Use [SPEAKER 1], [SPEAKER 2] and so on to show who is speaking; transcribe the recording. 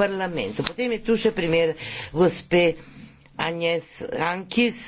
[SPEAKER 1] parlamentu. Potem je tu še primer gospe Agnes Ankis,